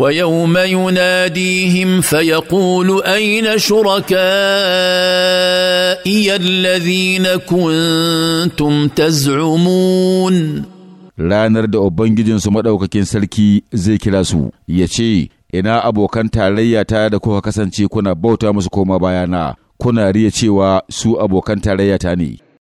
ويوم يناديهم فيقول اين شركائي الذين كنتم تزعمون ranar da Ubangijinsu maɗaukakin sarki zai kira su ya ce, Ina abokan tarayya ta da kuka kasance kuna bauta musu koma bayana, kuna riya cewa su abokan tarayya ta ne.